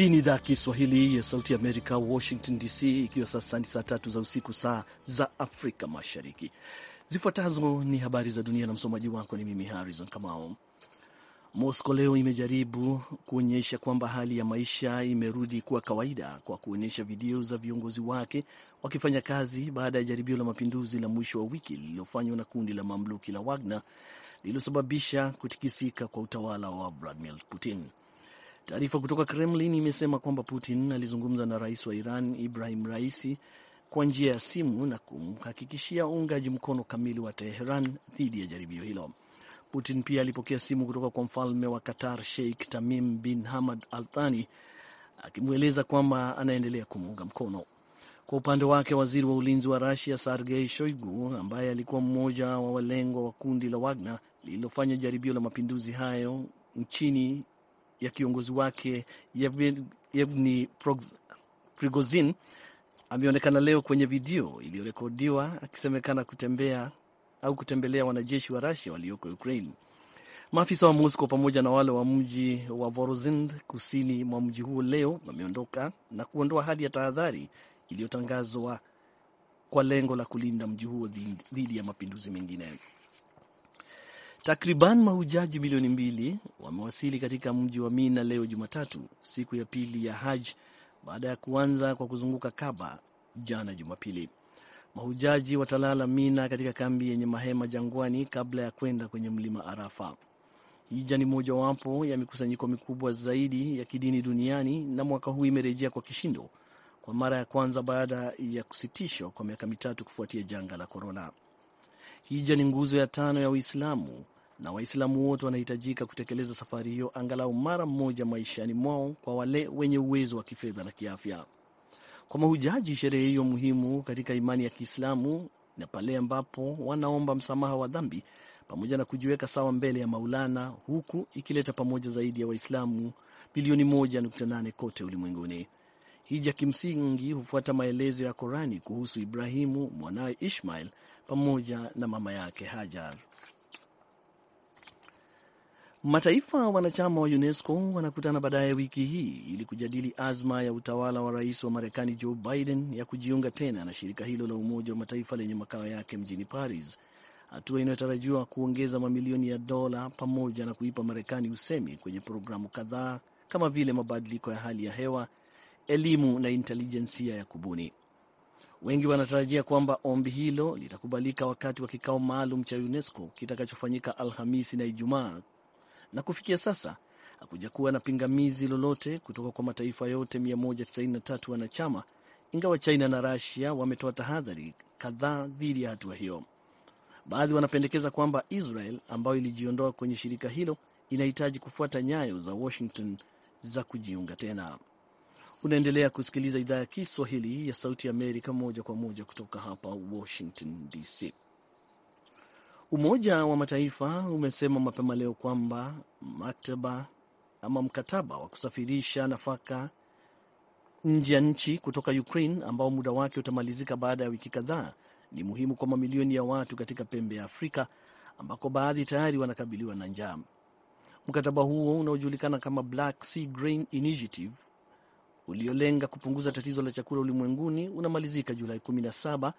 Hii ni idhaa ya Kiswahili ya Sauti Amerika, Washington DC, ikiwa sasa ni saa tatu za usiku, saa za Afrika Mashariki. Zifuatazo ni habari za dunia na msomaji wako ni mimi Harrison kama Moscow leo imejaribu kuonyesha kwamba hali ya maisha imerudi kuwa kawaida kwa kuonyesha video za viongozi wake wakifanya kazi baada ya jaribio la mapinduzi la mwisho wa wiki lililofanywa na kundi la mamluki la Wagner lililosababisha kutikisika kwa utawala wa Vladimir Putin. Taarifa kutoka Kremlin imesema kwamba Putin alizungumza na rais wa Iran Ibrahim Raisi kwa njia ya simu na kumhakikishia uungaji mkono kamili wa Teheran dhidi ya jaribio hilo. Putin pia alipokea simu kutoka kwa mfalme wa Qatar Sheikh Tamim bin Hamad Al Thani akimweleza kwamba anaendelea kumuunga mkono. Kwa upande wake, waziri wa ulinzi wa Rasia Sergei Shoigu, ambaye alikuwa mmoja wa walengwa wa kundi la Wagner lililofanya jaribio la mapinduzi hayo nchini ya kiongozi wake Yevgeny Prigozhin ameonekana leo kwenye video iliyorekodiwa akisemekana kutembea au kutembelea wanajeshi wa Rusia walioko Ukraine. Maafisa wa Moscow pamoja na wale wa mji wa Vorozind kusini mwa mji huo leo wameondoka na kuondoa hali ya tahadhari iliyotangazwa kwa lengo la kulinda mji huo dhidi ya mapinduzi mengine. Takriban mahujaji milioni mbili wamewasili katika mji wa Mina leo Jumatatu, siku ya pili ya Haj baada ya kuanza kwa kuzunguka Kaba jana Jumapili. Mahujaji watalala Mina katika kambi yenye mahema jangwani kabla ya kwenda kwenye mlima Arafa. Hija ni mojawapo ya mikusanyiko mikubwa zaidi ya kidini duniani na mwaka huu imerejea kwa kishindo kwa mara ya kwanza baada ya kusitishwa kwa miaka mitatu kufuatia janga la korona. Hija ni nguzo ya tano ya Uislamu na Waislamu wote wanahitajika kutekeleza safari hiyo angalau mara mmoja maishani mwao kwa wale wenye uwezo wa kifedha na kiafya. Kwa mahujaji, sherehe hiyo muhimu katika imani ya Kiislamu na pale ambapo wanaomba msamaha wa dhambi pamoja na kujiweka sawa mbele ya Maulana, huku ikileta pamoja zaidi ya Waislamu bilioni 1.8 kote ulimwenguni. Hija kimsingi hufuata maelezo ya Korani kuhusu Ibrahimu mwanawe Ishmael pamoja na mama yake Hajar. Mataifa wanachama wa UNESCO wanakutana baadaye wiki hii ili kujadili azma ya utawala wa rais wa Marekani Joe Biden ya kujiunga tena na shirika hilo la Umoja wa Mataifa lenye makao yake mjini Paris, hatua inayotarajiwa kuongeza mamilioni ya dola pamoja na kuipa Marekani usemi kwenye programu kadhaa kama vile mabadiliko ya hali ya hewa, elimu na intelijensia ya kubuni. Wengi wanatarajia kwamba ombi hilo litakubalika wakati wa kikao maalum cha UNESCO kitakachofanyika Alhamisi na Ijumaa na kufikia sasa hakuja kuwa na pingamizi lolote kutoka kwa mataifa yote 193 wanachama, ingawa China na Rasia wametoa tahadhari kadhaa dhidi ya hatua hiyo. Baadhi wanapendekeza kwamba Israel ambayo ilijiondoa kwenye shirika hilo inahitaji kufuata nyayo za Washington za kujiunga tena. Unaendelea kusikiliza idhaa ya Kiswahili ya Sauti ya Amerika moja kwa moja kutoka hapa Washington DC. Umoja wa Mataifa umesema mapema leo kwamba maktaba ama mkataba wa kusafirisha nafaka nje ya nchi kutoka Ukraine ambao muda wake utamalizika baada ya wiki kadhaa ni muhimu kwa mamilioni ya watu katika pembe ya Afrika ambako baadhi tayari wanakabiliwa na njaa. Mkataba huo unaojulikana kama Black Sea Grain Initiative uliolenga kupunguza tatizo la chakula ulimwenguni unamalizika Julai 17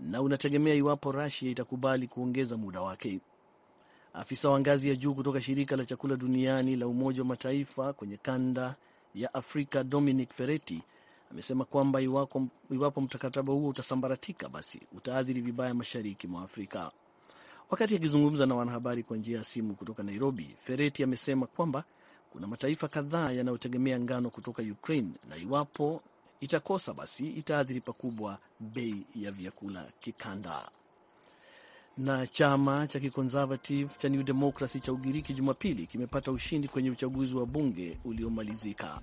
na unategemea iwapo rasia itakubali kuongeza muda wake. Afisa wa ngazi ya juu kutoka shirika la chakula duniani la Umoja wa Mataifa kwenye kanda ya Afrika, Dominic Ferretti, amesema kwamba iwapo, iwapo huo utasambaratika, basi utaathiri vibaya mashariki mwa Afrika. Wakati akizungumza na wanahabari kwa njia ya simu kutoka Nairobi, Ferretti amesema kwamba kuna mataifa kadhaa yanayotegemea ngano kutoka Ukraine na iwapo itakosa basi itaathiri pakubwa bei ya vyakula kikanda. Na chama cha kiconservative cha New Democracy cha Ugiriki Jumapili kimepata ushindi kwenye uchaguzi wa bunge uliomalizika.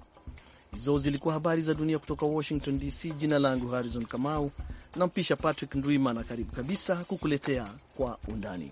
Hizo zilikuwa habari za dunia kutoka Washington DC. Jina langu Harrison Kamau, nampisha Patrick Ndwimana, karibu kabisa kukuletea kwa undani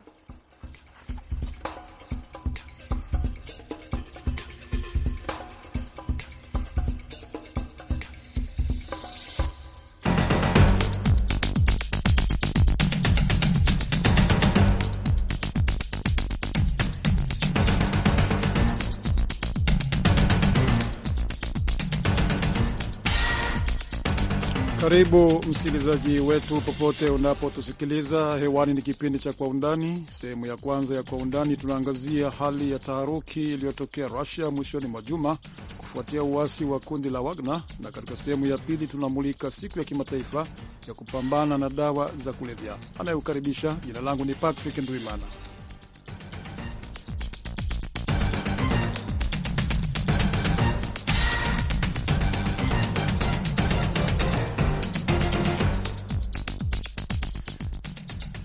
Karibu msikilizaji wetu popote unapotusikiliza hewani. Ni kipindi cha Kwa Undani. Sehemu ya kwanza ya Kwa Undani tunaangazia hali ya taharuki iliyotokea Rusia mwishoni mwa juma kufuatia uasi wa kundi la Wagner, na katika sehemu ya pili tunamulika siku ya kimataifa ya kupambana na dawa za kulevya. Anayeukaribisha, jina langu ni Patrick Ndwimana.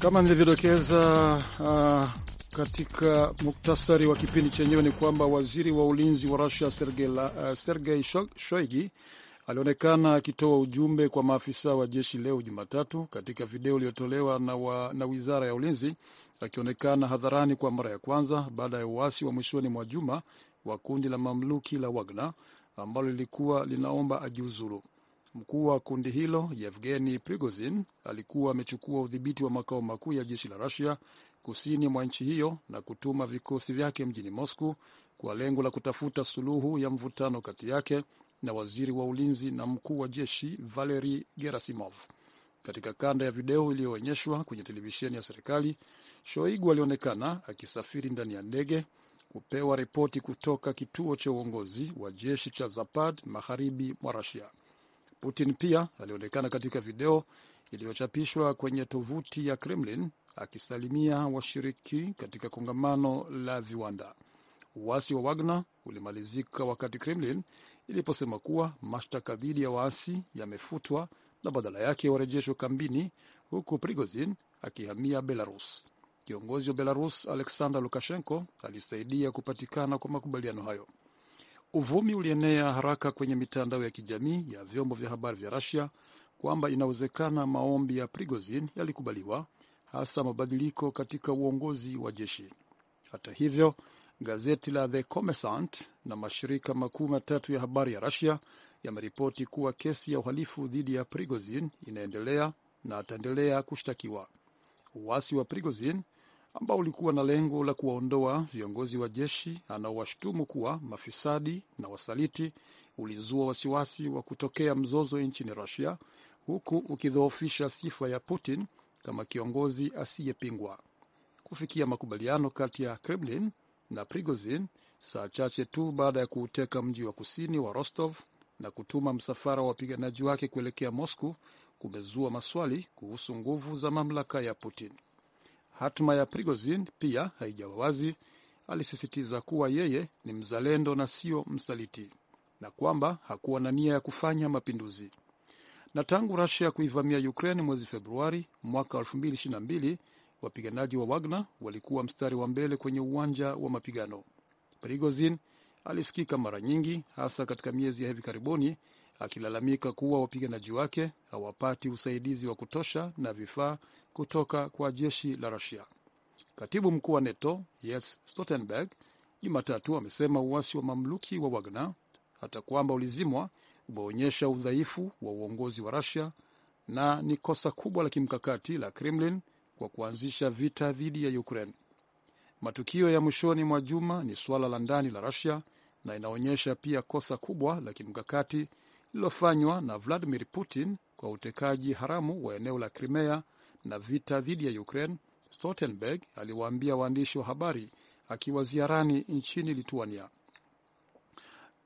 Kama nilivyodokeza uh, katika muktasari wa kipindi chenyewe ni kwamba waziri wa ulinzi wa Rusia Sergei, uh, Sergei Shoigi alionekana akitoa ujumbe kwa maafisa wa jeshi leo Jumatatu katika video iliyotolewa na, na wizara ya ulinzi akionekana hadharani kwa mara ya kwanza baada ya uasi wa mwishoni mwa juma wa kundi la mamluki la Wagner ambalo lilikuwa linaomba ajiuzuru. Mkuu wa kundi hilo Yevgeni Prigozin alikuwa amechukua udhibiti wa makao makuu ya jeshi la Rusia kusini mwa nchi hiyo na kutuma vikosi vyake mjini Moscow kwa lengo la kutafuta suluhu ya mvutano kati yake na waziri wa ulinzi na mkuu wa jeshi Valeri Gerasimov. Katika kanda ya video iliyoonyeshwa kwenye televisheni ya serikali, Shoigu alionekana akisafiri ndani ya ndege kupewa ripoti kutoka kituo cha uongozi wa jeshi cha Zapad magharibi mwa rasia Putin pia alionekana katika video iliyochapishwa kwenye tovuti ya Kremlin akisalimia washiriki katika kongamano la viwanda. Uasi wa Wagner ulimalizika wakati Kremlin iliposema kuwa mashtaka dhidi ya waasi yamefutwa na badala yake warejeshwe kambini, huku Prigozhin akihamia Belarus. Kiongozi wa Belarus Alexander Lukashenko alisaidia kupatikana kwa makubaliano hayo. Uvumi ulienea haraka kwenye mitandao ya kijamii ya vyombo vya habari vya rasia kwamba inawezekana maombi ya Prigozhin yalikubaliwa, hasa mabadiliko katika uongozi wa jeshi. Hata hivyo, gazeti la The Kommersant na mashirika makuu matatu ya habari ya rasia yameripoti kuwa kesi ya uhalifu dhidi ya Prigozhin inaendelea na ataendelea kushtakiwa. Uasi wa Prigozhin ambao ulikuwa na lengo la kuwaondoa viongozi wa jeshi anaowashtumu kuwa mafisadi na wasaliti, ulizua wasiwasi wa kutokea mzozo nchini Rusia, huku ukidhoofisha sifa ya Putin kama kiongozi asiyepingwa. Kufikia makubaliano kati ya Kremlin na Prigozhin saa chache tu baada ya kuuteka mji wa kusini wa Rostov na kutuma msafara wa wapiganaji wake kuelekea Moscow kumezua maswali kuhusu nguvu za mamlaka ya Putin. Hatma ya Prigozhin pia haijawa wazi. Alisisitiza kuwa yeye ni mzalendo na sio msaliti na kwamba hakuwa na nia ya kufanya mapinduzi. Na tangu Rusia kuivamia Ukraine mwezi Februari mwaka 2022 wapiganaji wa Wagner walikuwa mstari wa mbele kwenye uwanja wa mapigano. Prigozhin alisikika mara nyingi, hasa katika miezi ya hivi karibuni, akilalamika kuwa wapiganaji wake hawapati usaidizi wa kutosha na vifaa kutoka kwa jeshi la Rusia. Katibu mkuu wa NATO Jens Stoltenberg Jumatatu amesema uasi wa mamluki wa Wagner hata kwamba ulizimwa umeonyesha udhaifu wa uongozi wa Rusia na ni kosa kubwa la kimkakati la Kremlin kwa kuanzisha vita dhidi ya Ukraine. Matukio ya mwishoni mwa juma ni suala la ndani la Rusia na inaonyesha pia kosa kubwa la kimkakati lililofanywa na Vladimir Putin kwa utekaji haramu wa eneo la Crimea na vita dhidi ya Ukraine, Stoltenberg aliwaambia waandishi wa habari akiwa ziarani nchini Lituania.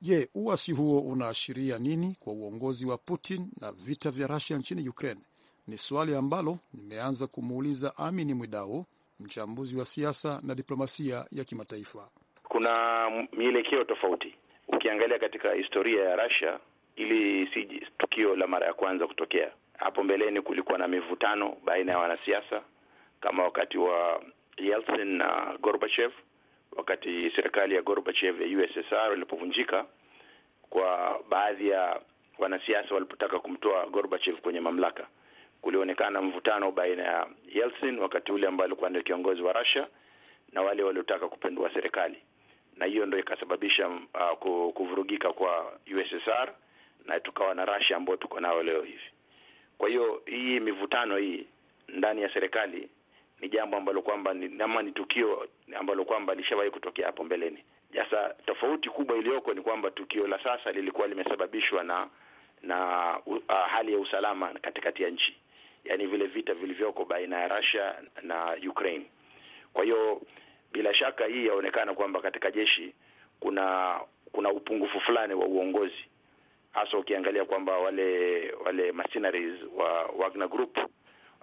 Je, uasi huo unaashiria nini kwa uongozi wa Putin na vita vya Rusia nchini Ukraine? Ni swali ambalo nimeanza kumuuliza Amini Mwidau, mchambuzi wa siasa na diplomasia ya kimataifa. Kuna mielekeo tofauti. Ukiangalia katika historia ya rasia ili si tukio la mara ya kwanza kutokea. Hapo mbeleni kulikuwa na mivutano baina ya wanasiasa kama wakati wa Yeltsin na Gorbachev, wakati serikali ya Gorbachev ya USSR ilipovunjika, kwa baadhi ya wanasiasa walipotaka kumtoa Gorbachev kwenye mamlaka, kulionekana mvutano baina ya Yeltsin wakati ule ambaye alikuwa ndio kiongozi wa Russia na wale waliotaka kupindua serikali, na hiyo ndio ikasababisha uh, kuvurugika kwa USSR na tukawa na Russia ambayo tuko nayo leo hivi. Kwa hiyo hii mivutano hii ndani ya serikali ni jambo ambalo kwamba ni ama ni tukio ambalo kwamba lishawahi kutokea hapo mbeleni. Sasa tofauti kubwa iliyoko ni kwamba tukio la sasa lilikuwa limesababishwa na na uh, hali ya usalama katikati ya nchi, yaani vile vita vilivyoko baina ya Russia na Ukraine. Kwa hiyo bila shaka hii yaonekana kwamba katika jeshi kuna kuna upungufu fulani wa uongozi hasa ukiangalia kwamba wale wale mercenaries wa Wagner Group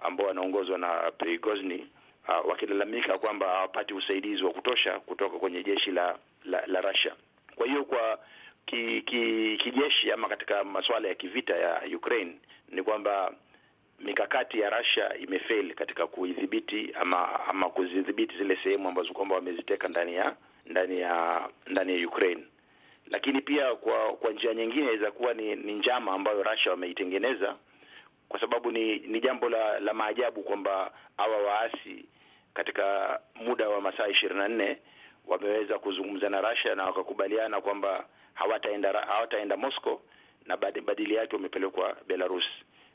ambao wanaongozwa na Prigozhin uh, ah, wakilalamika kwamba hawapati usaidizi wa kutosha kutoka kwenye jeshi la la, la Russia. Kwa hiyo kwa ki, ki, kijeshi ama katika masuala ya kivita ya Ukraine ni kwamba mikakati ya Russia imefail katika kuidhibiti ama ama kuzidhibiti zile sehemu ambazo kwamba wameziteka ndani ya ndani ya ndani ya Ukraine lakini pia kwa kwa njia nyingine inaweza kuwa ni, ni njama ambayo Russia wameitengeneza kwa sababu ni, ni jambo la, la maajabu kwamba hawa waasi katika muda wa masaa ishirini na nne wameweza kuzungumza na Russia na wakakubaliana kwamba hawataenda hawataenda Moscow na badili yake wamepelekwa Belarus.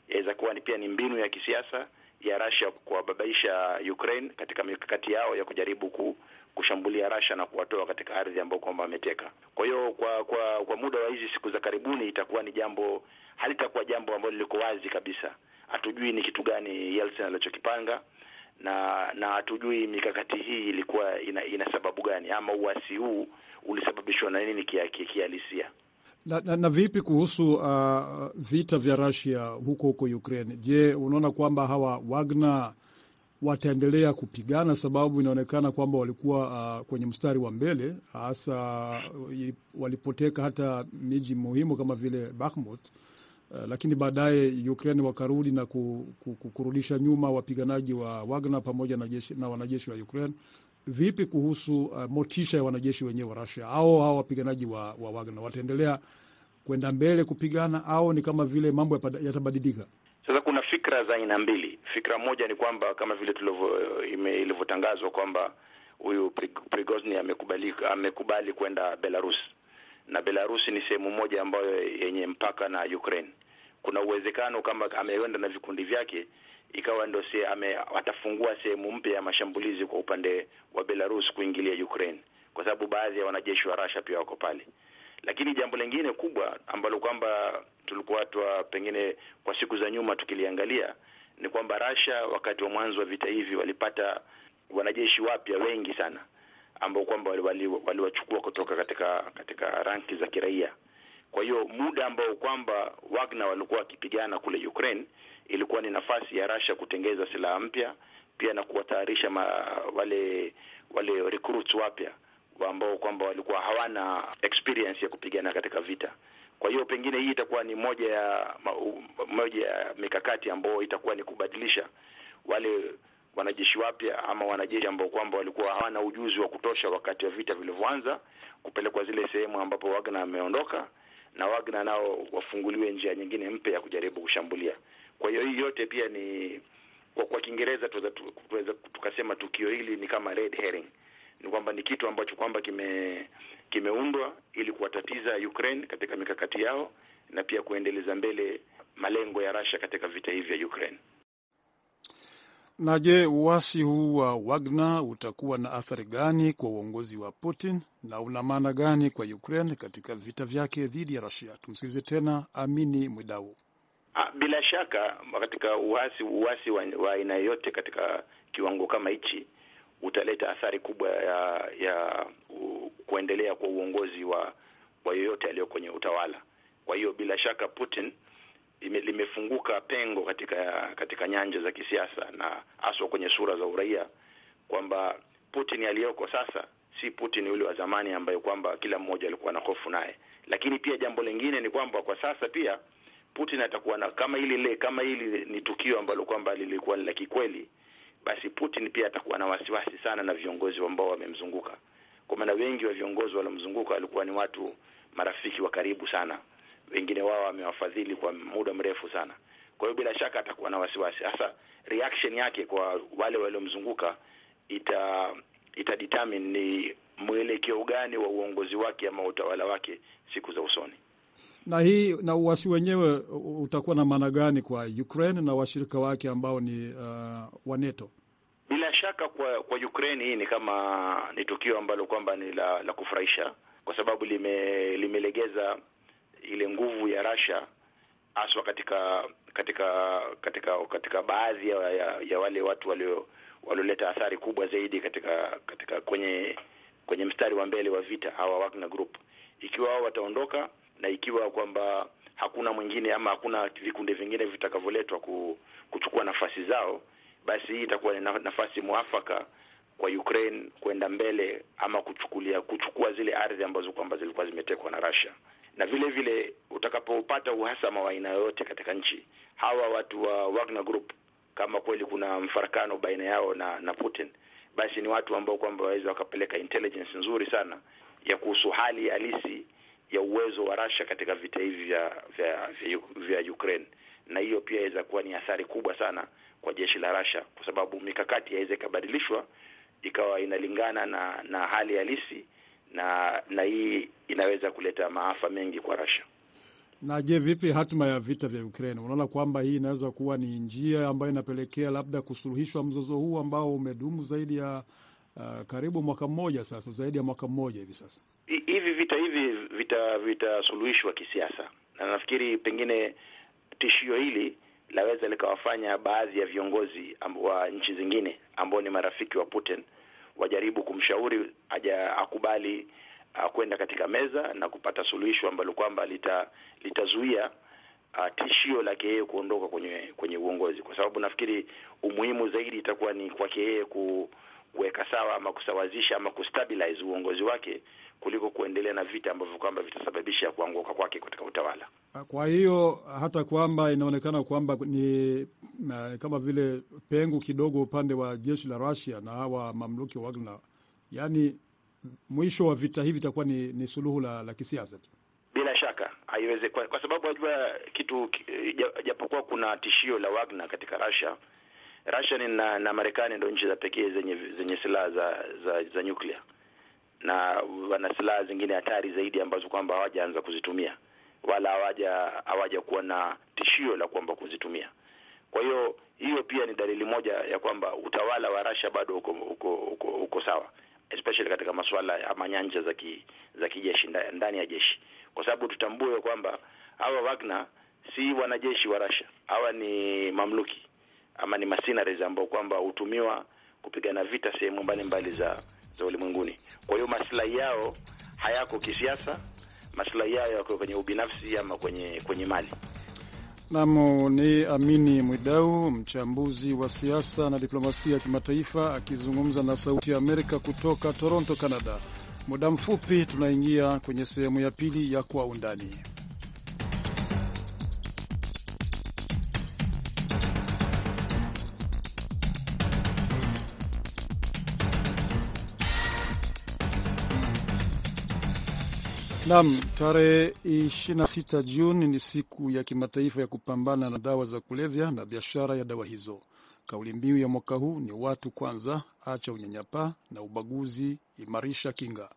Yaweza kuwa ni pia ni mbinu ya kisiasa ya Russia kuwababaisha Ukraine katika mikakati yao ya kujaribu ku, kushambulia Russia na kuwatoa katika ardhi ambayo kwamba wameteka. Kwa hiyo kwa kwa kwa muda wa hizi siku za karibuni itakuwa ni jambo, halitakuwa jambo ambalo liko wazi kabisa. Hatujui ni kitu gani Yeltsin alichokipanga na na hatujui mikakati hii ilikuwa ina, ina sababu gani ama uasi huu ulisababishwa na nini kihalisia. Na, na, na vipi kuhusu uh, vita vya Russia huko huko Ukraine? Je, unaona kwamba hawa Wagner wataendelea kupigana, sababu inaonekana kwamba walikuwa uh, kwenye mstari wa mbele, hasa uh, walipoteka hata miji muhimu kama vile Bakhmut. Uh, lakini baadaye Ukraine wakarudi na kurudisha nyuma wapiganaji wa Wagner pamoja na, jeshi, na wanajeshi wa Ukraine. Vipi kuhusu uh, motisha ya wanajeshi wenyewe wa Russia au hawa wapiganaji wa, wa Wagner wataendelea kwenda mbele kupigana au ni kama vile mambo yatabadilika? kuna fikra za aina mbili. Fikra moja ni kwamba kama vile eh, ilivyotangazwa kwamba huyu Prigozhin amekubali amekubali kwenda Belarus, na Belarus ni sehemu moja ambayo yenye mpaka na Ukraine. Kuna uwezekano kama ameenda na vikundi vyake ikawa ndio se, ame, atafungua sehemu mpya ya mashambulizi kwa upande wa Belarus kuingilia Ukraine, kwa sababu baadhi ya wanajeshi wa Russia pia wako pale. Lakini jambo lingine kubwa ambalo kwamba tulikuwa twa pengine kwa siku za nyuma tukiliangalia ni kwamba Russia wakati wa mwanzo wa vita hivi walipata wanajeshi wapya wengi sana ambao kwamba waliwachukua kutoka katika katika ranki za kiraia. Kwa hiyo muda ambao kwamba Wagner walikuwa wakipigana kule Ukraine ilikuwa ni nafasi ya Russia kutengeza silaha mpya pia na kuwatayarisha wale wale recruits wapya ambao kwamba walikuwa hawana experience ya kupigana katika vita. Kwa hiyo pengine hii itakuwa ni moja ya moja ya mikakati ambayo itakuwa ni kubadilisha wale wanajeshi wapya ama wanajeshi ambao kwamba walikuwa hawana ujuzi wa kutosha wakati wa vita vilivyoanza, kupelekwa zile sehemu ambapo wagna ameondoka, na wagna nao wafunguliwe njia nyingine mpya ya kujaribu kushambulia. Kwa hiyo hii yote pia ni kwa kwa Kiingereza tuweza tukasema tukio hili ni kama red herring, ni kwamba ni kitu ambacho kwamba kime kimeundwa ili kuwatatiza Ukraine katika mikakati yao na pia kuendeleza mbele malengo ya Russia katika vita hivi vya Ukraine. Na je, uasi huu wa Wagner utakuwa na athari gani kwa uongozi wa Putin na una maana gani kwa Ukraine katika vita vyake dhidi ya Russia? Tumsikilize tena Amini Mwidau. Ah, bila shaka katika uasi uasi wa aina yoyote katika kiwango kama hichi utaleta athari kubwa ya ya u, kuendelea kwa uongozi wa wa yoyote aliyo kwenye utawala. Kwa hiyo bila shaka Putin ime, limefunguka pengo katika katika nyanja za kisiasa na haswa kwenye sura za uraia, kwamba Putin aliyoko sasa si Putin yule wa zamani ambaye kwamba kila mmoja alikuwa na hofu naye. Lakini pia jambo lingine ni kwamba kwa sasa pia Putin atakuwa na kama ili le kama hili ni tukio ambalo kwamba lilikuwa la kikweli basi Putin pia atakuwa na wasiwasi sana na viongozi ambao wamemzunguka, kwa maana wengi wa viongozi waliomzunguka walikuwa ni watu marafiki wa karibu sana, wengine wao wamewafadhili kwa muda mrefu sana. Kwa hiyo bila shaka atakuwa na wasiwasi hasa, reaction yake kwa wale waliomzunguka ita ita determine ni mwelekeo gani wa uongozi wake ama utawala wake siku za usoni na hii na uasi wenyewe utakuwa na maana gani kwa Ukraine na washirika wake ambao ni uh, wa NATO? Bila shaka kwa kwa Ukraine hii ni kama ni tukio ambalo kwamba ni la, la kufurahisha kwa sababu lime, limelegeza ile nguvu ya Russia haswa katika katika katika katika baadhi ya, ya, ya wale watu walio walioleta athari kubwa zaidi katika katika kwenye kwenye mstari wa mbele wa vita hawa Wagner Group. Ikiwa wao wataondoka na ikiwa kwamba hakuna mwingine ama hakuna vikundi vingine vitakavyoletwa kuchukua nafasi zao, basi hii itakuwa ni nafasi mwafaka kwa Ukraine kwenda mbele ama kuchukulia kuchukua zile ardhi ambazo kwamba zilikuwa zimetekwa na Russia. Na vile vile utakapopata uhasama wa aina yoyote katika nchi, hawa watu wa Wagner Group, kama kweli kuna mfarakano baina yao na na Putin, basi ni watu ambao kwamba waweza wakapeleka intelligence nzuri sana ya kuhusu hali halisi ya uwezo wa Russia katika vita hivi vya vya, vya vya Ukraine, na hiyo pia inaweza kuwa ni athari kubwa sana kwa jeshi la Russia, kwa sababu mikakati yaweza ikabadilishwa ikawa inalingana na na hali halisi, na na hii inaweza kuleta maafa mengi kwa Russia. Na je, vipi hatima ya vita vya Ukraine? Unaona kwamba hii inaweza kuwa ni njia ambayo inapelekea labda kusuluhishwa mzozo huu ambao umedumu zaidi ya uh, karibu mwaka mmoja sasa, zaidi ya mwaka mmoja hivi sasa vitasuluhishwa vita kisiasa, na nafikiri pengine tishio hili laweza likawafanya baadhi ya viongozi wa nchi zingine ambao ni marafiki wa Putin wajaribu kumshauri aja akubali kwenda katika meza na kupata suluhisho ambalo kwamba lita, litazuia tishio lake yeye kuondoka kwenye kwenye uongozi, kwa sababu nafikiri umuhimu zaidi itakuwa ni kwake yeye ku kuweka sawa ama kusawazisha ama kustabilize uongozi wake kuliko kuendelea na vita ambavyo kwamba vitasababisha kuanguka kwake katika utawala. Kwa hiyo hata kwamba inaonekana kwamba ni eh, kama vile pengo kidogo upande wa jeshi la Russia na hawa mamluki wa Wagner, yaani mwisho wa vita hivi itakuwa ni, ni suluhu la, la kisiasa tu bila shaka haiweze kwa, kwa sababu wajua kitu, eh, japokuwa kuna tishio la Wagner katika Russia Russia na, na Marekani ndio nchi za pekee zenye zenye silaha za, za za nuclear na wana silaha zingine hatari zaidi ambazo kwamba hawajaanza kuzitumia wala hawaja hawaja kuwa na tishio la kwamba kuzitumia. Kwa hiyo hiyo pia ni dalili moja ya kwamba utawala wa Russia bado uko uko, uko, uko sawa especially katika masuala ama nyanja za ki, za kijeshi ndani ya jeshi, kwa sababu tutambue kwamba hawa Wagner si wanajeshi wa Russia, hawa ni mamluki ama ni mercenaries ambao kwamba hutumiwa kupigana vita sehemu mbalimbali za za ulimwenguni. Kwa hiyo maslahi yao hayako kisiasa, maslahi yao yako kwenye ubinafsi ama kwenye kwenye mali. Nam ni Amini Mwidau, mchambuzi wa siasa na diplomasia ya kimataifa, akizungumza na Sauti ya Amerika kutoka Toronto, Canada. Muda mfupi tunaingia kwenye sehemu ya pili ya Kwa Undani. Nam, tarehe 26 Juni ni siku ya kimataifa ya kupambana na dawa za kulevya na biashara ya dawa hizo. Kauli mbiu ya mwaka huu ni watu kwanza, acha unyanyapaa na ubaguzi, imarisha kinga.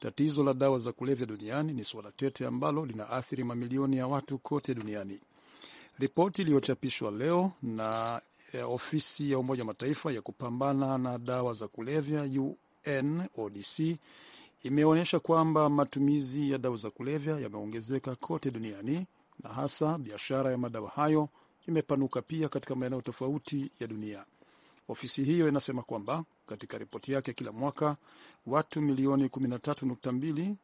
Tatizo la dawa za kulevya duniani ni suala tete ambalo linaathiri mamilioni ya watu kote duniani. Ripoti iliyochapishwa leo na e, ofisi ya Umoja wa Mataifa ya kupambana na dawa za kulevya UNODC imeonyesha kwamba matumizi ya dawa za kulevya yameongezeka kote duniani na hasa biashara ya madawa hayo imepanuka pia katika maeneo tofauti ya dunia. Ofisi hiyo inasema kwamba katika ripoti yake kila mwaka watu milioni 13.2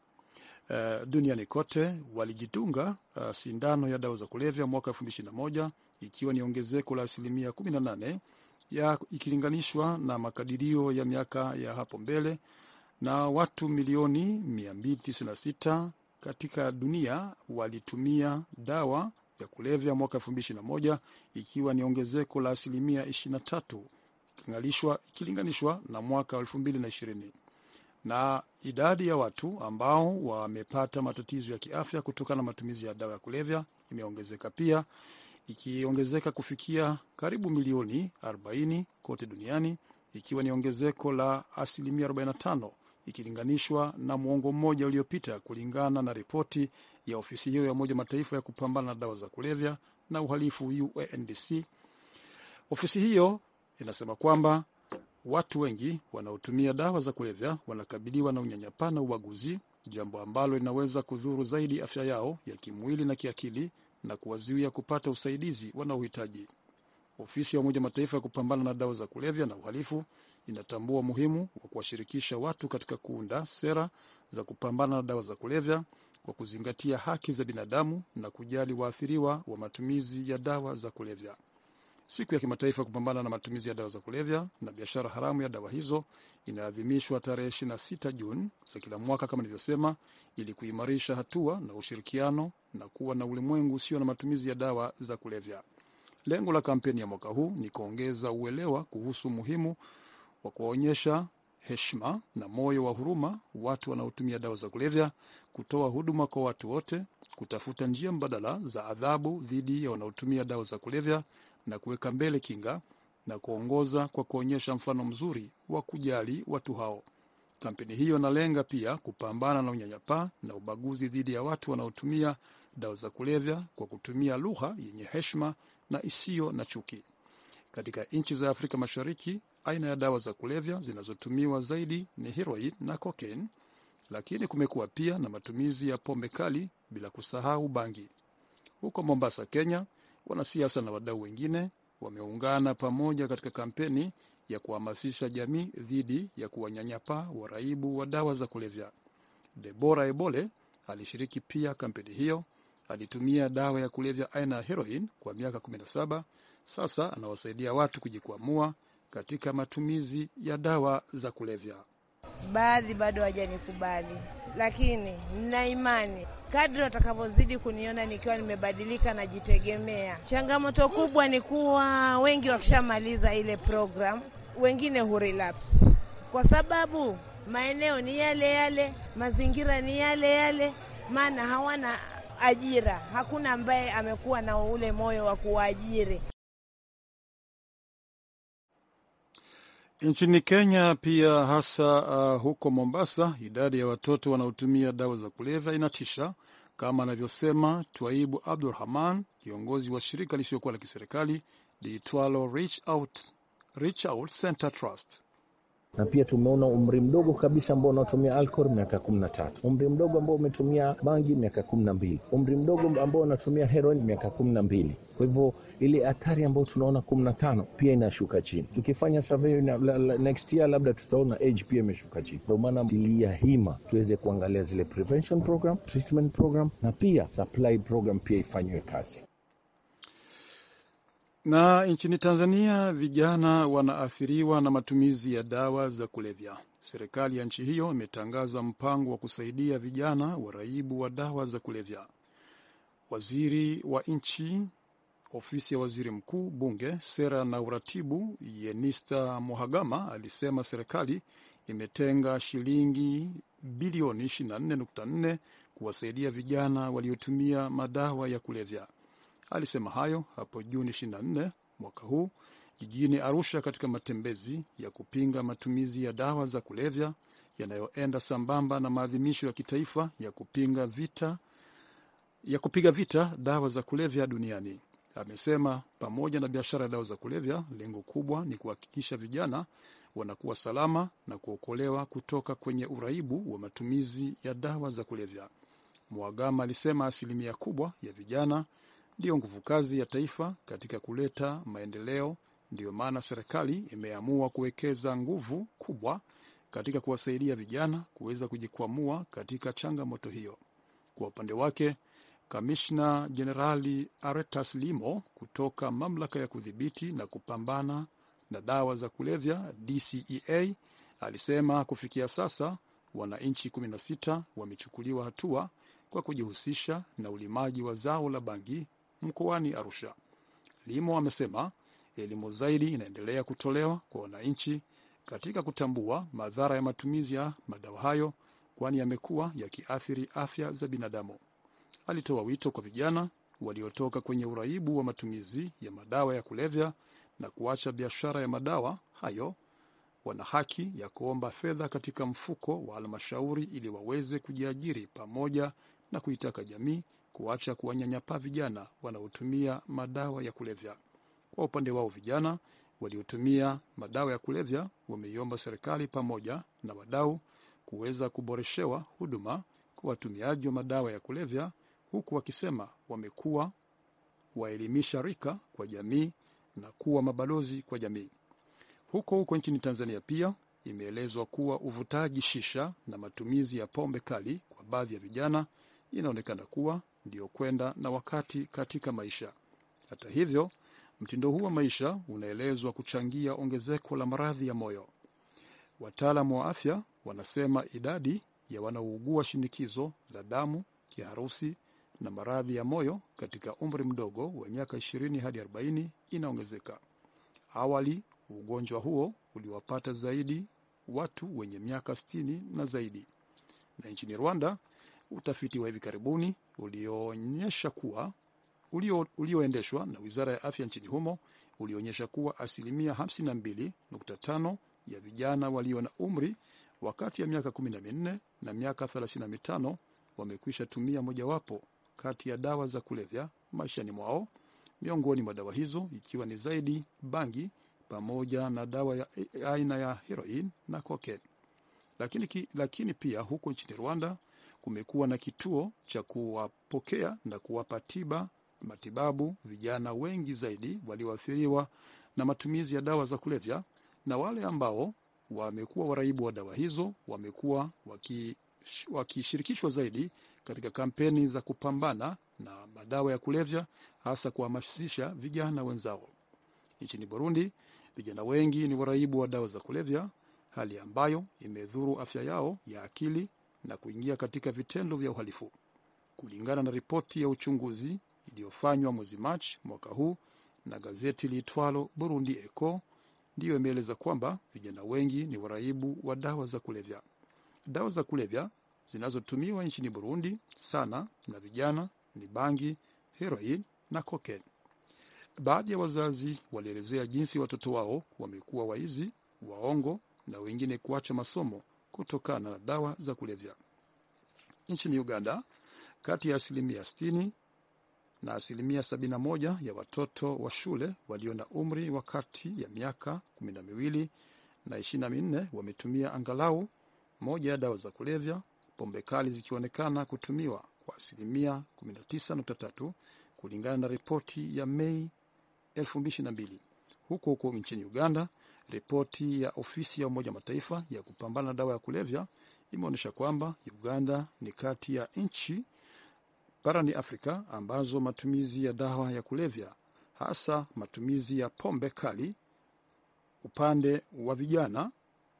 Uh, eh, duniani kote walijitunga uh, sindano ya dawa za kulevya mwaka 2021 ikiwa ni ongezeko la asilimia 18 ya ikilinganishwa na makadirio ya miaka ya hapo mbele na watu milioni 296 katika dunia walitumia dawa ya kulevya mwaka 2021 ikiwa ni ongezeko la asilimia 23 ikilinganishwa na mwaka 2020 na idadi ya watu ambao wamepata matatizo ya kiafya kutokana na matumizi ya dawa ya kulevya imeongezeka pia, ikiongezeka kufikia karibu milioni 40 kote duniani, ikiwa ni ongezeko la asilimia ikilinganishwa na mwongo mmoja uliopita, kulingana na ripoti ya ofisi hiyo ya Umoja wa Mataifa ya kupambana na dawa za kulevya na uhalifu UNDC. Ofisi hiyo inasema kwamba watu wengi wanaotumia dawa za kulevya wanakabiliwa na unyanyapaa na ubaguzi, jambo ambalo linaweza kudhuru zaidi afya yao ya kimwili na kiakili na kuwazuia kupata usaidizi wanaohitaji. Ofisi ya Umoja Mataifa ya kupambana na dawa za kulevya na uhalifu inatambua umuhimu wa kuwashirikisha watu katika kuunda sera za kupambana na dawa za kulevya kwa kuzingatia haki za binadamu na kujali waathiriwa wa matumizi ya dawa za kulevya. Siku ya kimataifa kupambana na matumizi ya dawa za kulevya na biashara haramu ya dawa hizo inaadhimishwa tarehe 26 Juni za kila mwaka, kama nilivyosema, ili kuimarisha hatua na ushirikiano na kuwa na ulimwengu usio na matumizi ya dawa za kulevya. Lengo la kampeni ya mwaka huu ni kuongeza uelewa kuhusu umuhimu kwa kuwaonyesha heshima na moyo wa huruma watu wanaotumia dawa za kulevya, kutoa huduma kwa watu wote, kutafuta njia mbadala za adhabu dhidi ya wanaotumia dawa za kulevya na kuweka mbele kinga na kuongoza kwa kuonyesha mfano mzuri wa kujali watu hao. Kampeni hiyo inalenga pia kupambana na unyanyapaa na ubaguzi dhidi ya watu wanaotumia dawa za kulevya kwa kutumia lugha yenye heshima na isiyo na chuki. Katika nchi za Afrika Mashariki, aina ya dawa za kulevya zinazotumiwa zaidi ni heroin na cocaine, lakini kumekuwa pia na matumizi ya pombe kali, bila kusahau bangi. Huko Mombasa, Kenya, wanasiasa na wadau wengine wameungana pamoja katika kampeni ya kuhamasisha jamii dhidi ya kuwanyanyapaa waraibu wa dawa za kulevya. Debora Ebole alishiriki pia kampeni hiyo. Alitumia dawa ya kulevya aina ya heroin kwa miaka 17. Sasa anawasaidia watu kujikwamua katika matumizi ya dawa za kulevya. Baadhi bado hawajanikubali, lakini nina imani kadri watakavyozidi kuniona nikiwa nimebadilika, najitegemea. Changamoto kubwa ni kuwa wengi wakishamaliza ile programu, wengine hurelapse kwa sababu maeneo ni yale yale, mazingira ni yale yale, maana hawana ajira. Hakuna ambaye amekuwa na ule moyo wa kuwaajiri. Nchini Kenya pia hasa uh, huko Mombasa, idadi ya watoto wanaotumia dawa za kulevya inatisha, kama anavyosema Twaibu Abdurahman, kiongozi wa shirika lisiyokuwa la kiserikali liitwalo Reach Out, Reach Out Center Trust na pia tumeona umri mdogo kabisa ambao unatumia alcohol miaka kumi na tatu, umri mdogo ambao umetumia bangi miaka kumi na mbili, umri mdogo ambao unatumia heroin miaka kumi na mbili. Kwa hivyo ile athari ambayo tunaona kumi na tano pia inashuka chini. Tukifanya survey na, la, la, next year labda tutaona age pia imeshuka chini. Ndio maana tilia hima tuweze kuangalia zile prevention program, treatment program na pia supply program pia ifanyiwe kazi. Na nchini Tanzania vijana wanaathiriwa na matumizi ya dawa za kulevya. Serikali ya nchi hiyo imetangaza mpango wa kusaidia vijana waraibu wa dawa za kulevya. Waziri wa nchi ofisi ya waziri mkuu, bunge, sera na uratibu, Yenista Muhagama alisema serikali imetenga shilingi bilioni 24.4 kuwasaidia vijana waliotumia madawa ya kulevya. Alisema hayo hapo Juni 24 mwaka huu jijini Arusha katika matembezi ya kupinga matumizi ya dawa za kulevya yanayoenda sambamba na maadhimisho ya kitaifa ya kupinga vita ya kupiga vita dawa za kulevya duniani. Amesema pamoja na biashara ya dawa za kulevya, lengo kubwa ni kuhakikisha vijana wanakuwa salama na kuokolewa kutoka kwenye uraibu wa matumizi ya dawa za kulevya. Mwagama alisema asilimia kubwa ya vijana ndiyo nguvu kazi ya taifa katika kuleta maendeleo. Ndiyo maana serikali imeamua kuwekeza nguvu kubwa katika kuwasaidia vijana kuweza kujikwamua katika changamoto hiyo. Kwa upande wake, kamishna jenerali Aretas Limo kutoka mamlaka ya kudhibiti na kupambana na dawa za kulevya DCEA alisema kufikia sasa wananchi 16 wamechukuliwa hatua kwa kujihusisha na ulimaji wa zao la bangi mkoani Arusha. Limo amesema elimu zaidi inaendelea kutolewa kwa wananchi katika kutambua madhara ya matumizi ya madawa hayo, kwani yamekuwa yakiathiri afya za binadamu. Alitoa wito kwa vijana waliotoka kwenye uraibu wa matumizi ya madawa ya kulevya na kuacha biashara ya madawa hayo. Wana haki ya kuomba fedha katika mfuko wa halmashauri ili waweze kujiajiri pamoja na kuitaka jamii kuacha kuwanyanyapaa vijana wanaotumia madawa ya kulevya. Kwa upande wao, vijana waliotumia madawa ya kulevya wameiomba serikali pamoja na wadau kuweza kuboreshewa huduma kwa watumiaji wa madawa ya kulevya, huku wakisema wamekuwa waelimisha rika kwa jamii na kuwa mabalozi kwa jamii. Huko huko nchini Tanzania pia imeelezwa kuwa uvutaji shisha na matumizi ya pombe kali kwa baadhi ya vijana inaonekana kuwa ndiyokwenda na wakati katika maisha. Hata hivyo, mtindo huu wa maisha unaelezwa kuchangia ongezeko la maradhi ya moyo. Wataalamu wa afya wanasema idadi ya wanaougua shinikizo la damu, kiharusi na maradhi ya moyo katika umri mdogo wa miaka 20 hadi 40 inaongezeka. Awali ugonjwa huo uliwapata zaidi watu wenye miaka 60 na zaidi. Na nchini Rwanda Utafiti wa hivi karibuni ulioonyesha kuwa ulioendeshwa ulio na wizara ya afya nchini humo ulionyesha kuwa asilimia 52.5 ya vijana walio na umri wa kati ya miaka 14 na miaka 35 wamekwisha tumia mojawapo kati ya dawa za kulevya maishani mwao, miongoni mwa dawa hizo ikiwa ni zaidi bangi pamoja na dawa ya aina ya heroin na cocaine. Lakini, lakini pia huko nchini Rwanda kumekuwa na kituo cha kuwapokea na kuwapa tiba matibabu vijana wengi zaidi walioathiriwa na matumizi ya dawa za kulevya, na wale ambao wamekuwa waraibu wa dawa hizo wamekuwa wakishirikishwa zaidi katika kampeni za kupambana na madawa ya kulevya, hasa kuhamasisha vijana wenzao. Nchini Burundi, vijana wengi ni waraibu wa dawa za kulevya, hali ambayo imedhuru afya yao ya akili na kuingia katika vitendo vya uhalifu. Kulingana na ripoti ya uchunguzi iliyofanywa mwezi Machi mwaka huu na gazeti liitwalo Burundi Echo, ndiyo imeeleza kwamba vijana wengi ni waraibu wa dawa za kulevya. Dawa za kulevya zinazotumiwa nchini Burundi sana na vijana ni bangi, heroin na koken. Baadhi ya wazazi walielezea jinsi watoto wao wamekuwa waizi, waongo na wengine kuacha masomo kutokana na dawa za kulevya. Nchini Uganda, kati ya asilimia 60 na asilimia 71 ya watoto wa shule walio na umri wa kati ya miaka 12 na 24 wametumia angalau moja ya dawa za kulevya, pombe kali zikionekana kutumiwa kwa asilimia 19.3 kulingana na ripoti ya Mei 2022. Huko huko nchini Uganda, Ripoti ya ofisi ya Umoja Mataifa ya kupambana na dawa ya kulevya imeonyesha kwamba Uganda ni kati ya nchi barani Afrika ambazo matumizi ya dawa ya kulevya hasa matumizi ya pombe kali upande wa vijana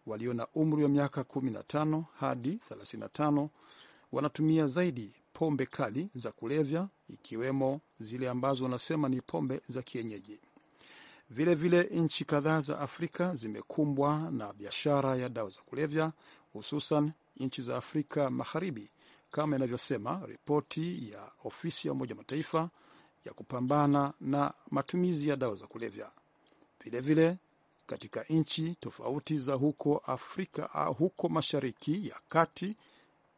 walio na umri wa miaka 15 hadi 35 wanatumia zaidi pombe kali za kulevya ikiwemo zile ambazo wanasema ni pombe za kienyeji. Vilevile nchi kadhaa za Afrika zimekumbwa na biashara ya dawa za kulevya, hususan nchi za Afrika Magharibi, kama inavyosema ripoti ya ofisi ya Umoja Mataifa ya kupambana na matumizi ya dawa za kulevya. Vilevile vile, katika nchi tofauti za huko Afrika huko Mashariki ya Kati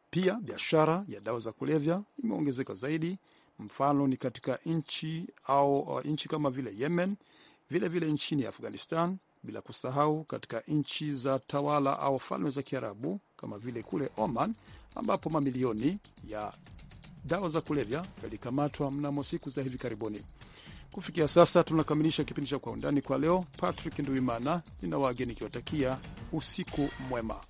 pia biashara ya dawa za kulevya imeongezeka zaidi. Mfano ni katika nchi au nchi kama vile Yemen vilevile vile nchini Afghanistan, bila kusahau katika nchi za tawala au falme za Kiarabu kama vile kule Oman, ambapo mamilioni ya dawa za kulevya yalikamatwa mnamo siku za hivi karibuni. Kufikia sasa tunakamilisha kipindi cha Kwa Undani kwa leo. Patrick Nduimana nina wageni nikiwatakia usiku mwema.